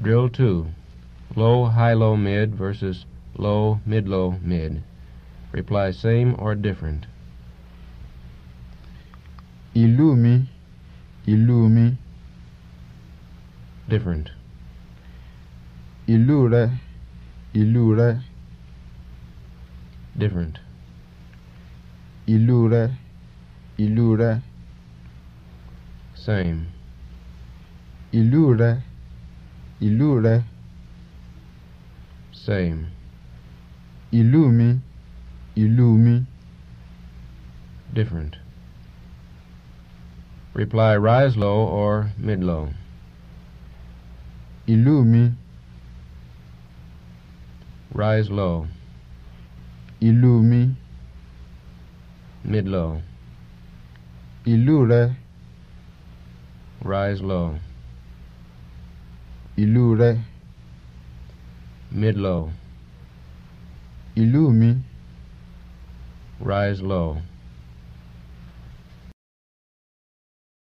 Drill 2. Low, high, low, mid versus low, mid, low, mid. Reply same or different. Illumi, Illumi. Different. Ìlú rẹ, Different. Ìlú rẹ, Same. Ìlú ìlú rẹ same ìlú mi ìlú mi different reply rise low or mid low ìlú mi rise low ìlú mi mid low ìlú rẹ rise low ìlú rẹ. Mid low. Ìlú mi. Rise low.